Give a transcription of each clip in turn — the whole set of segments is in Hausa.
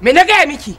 me na gaya miki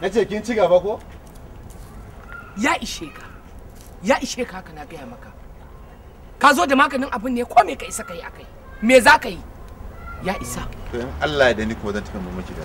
na ce kin ci gaba ko ya ishe ka ya ishe ka haka na gaya maka ka zo da maganin abin ne ko me ka isa ka akai me za ka yi ya isa Allah ya dani kuma zan tafi mamaki da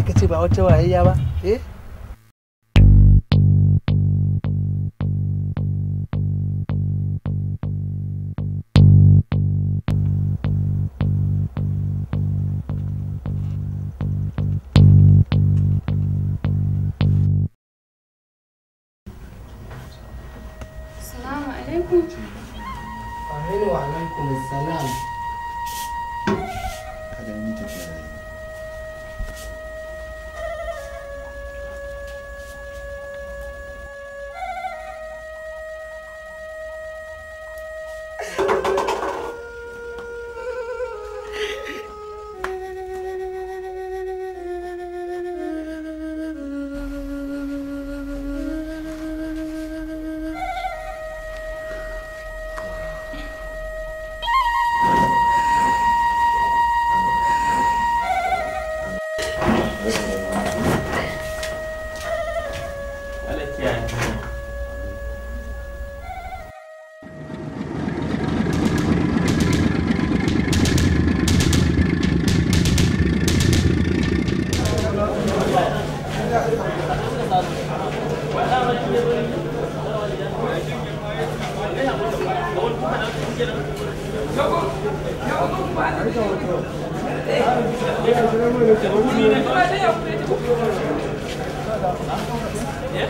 sai ka ce ba wata wayayya ba eh Yeah.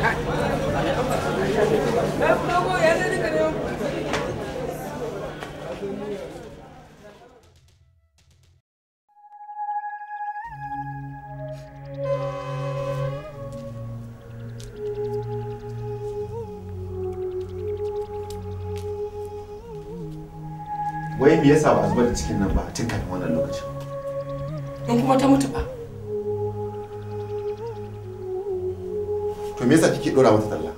wai me yasa ba zubar da cikin nan ba tun kafin wannan lokacin in kuma ta mutu ba to me yasa kike dora mata talla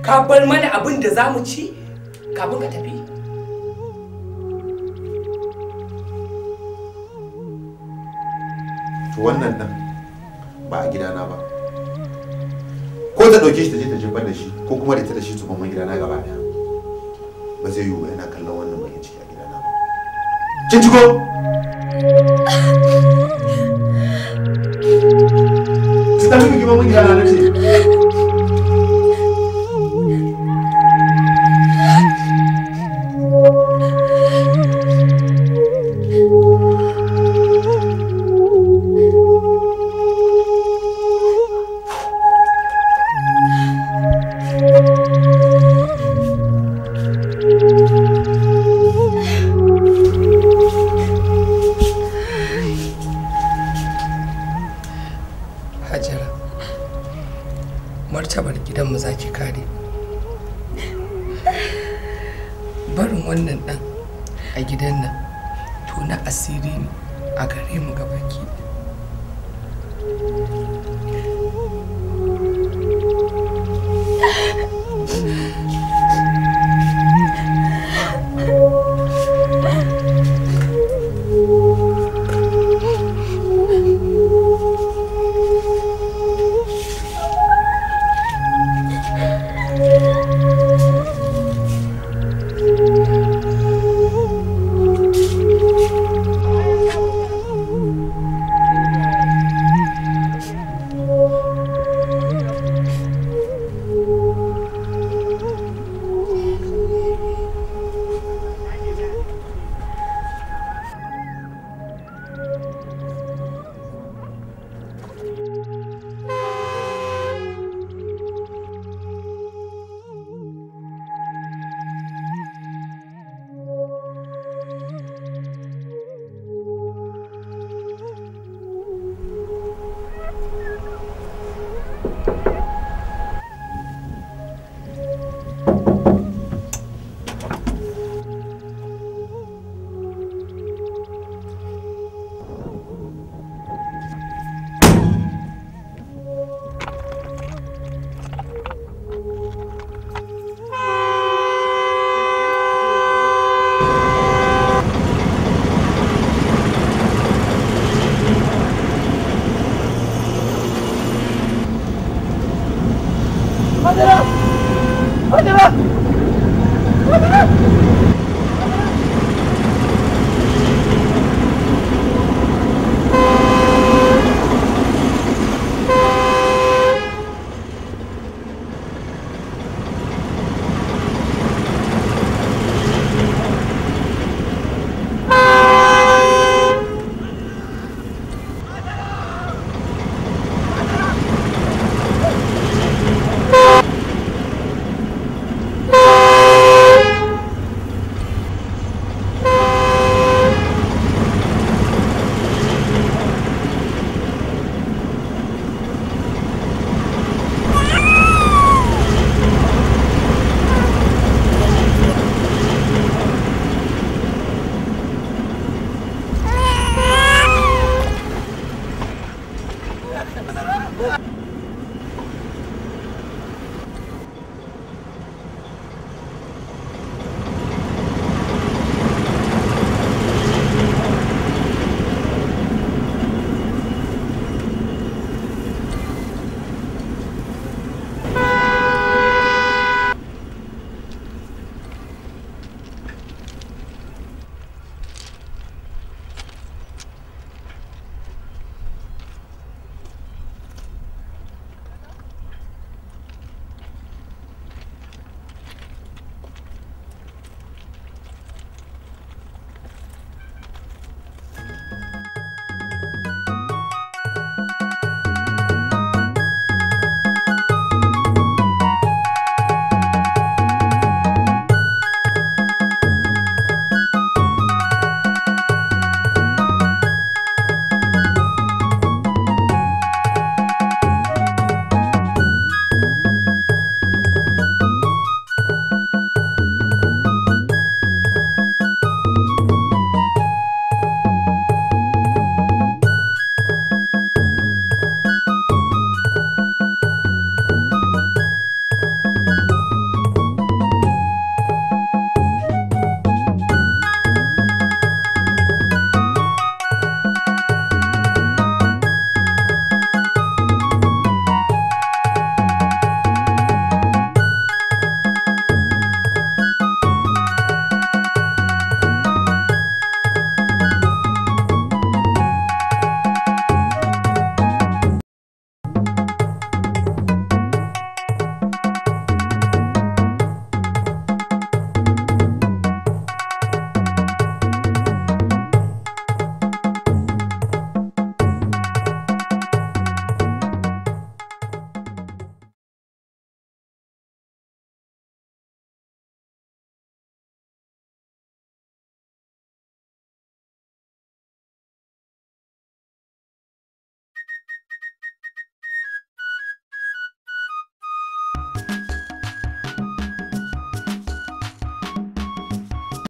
ka bar mana abin da za mu ci kafin ka tafi to wannan nan ba a gidana ba ko ta dauke shi ta je ta jefar da shi ko kuma da ta da shi su tsofaffin gidana gaba daya ba zai yi wa yana kallon wannan bakin ciki a gidana ba kin ji ko ta tafi gidana na ce ki kare barin wannan dan a gidan nan to na asiri a gare mu gabaki ɗaya 快点啦！快点啦！快点啦！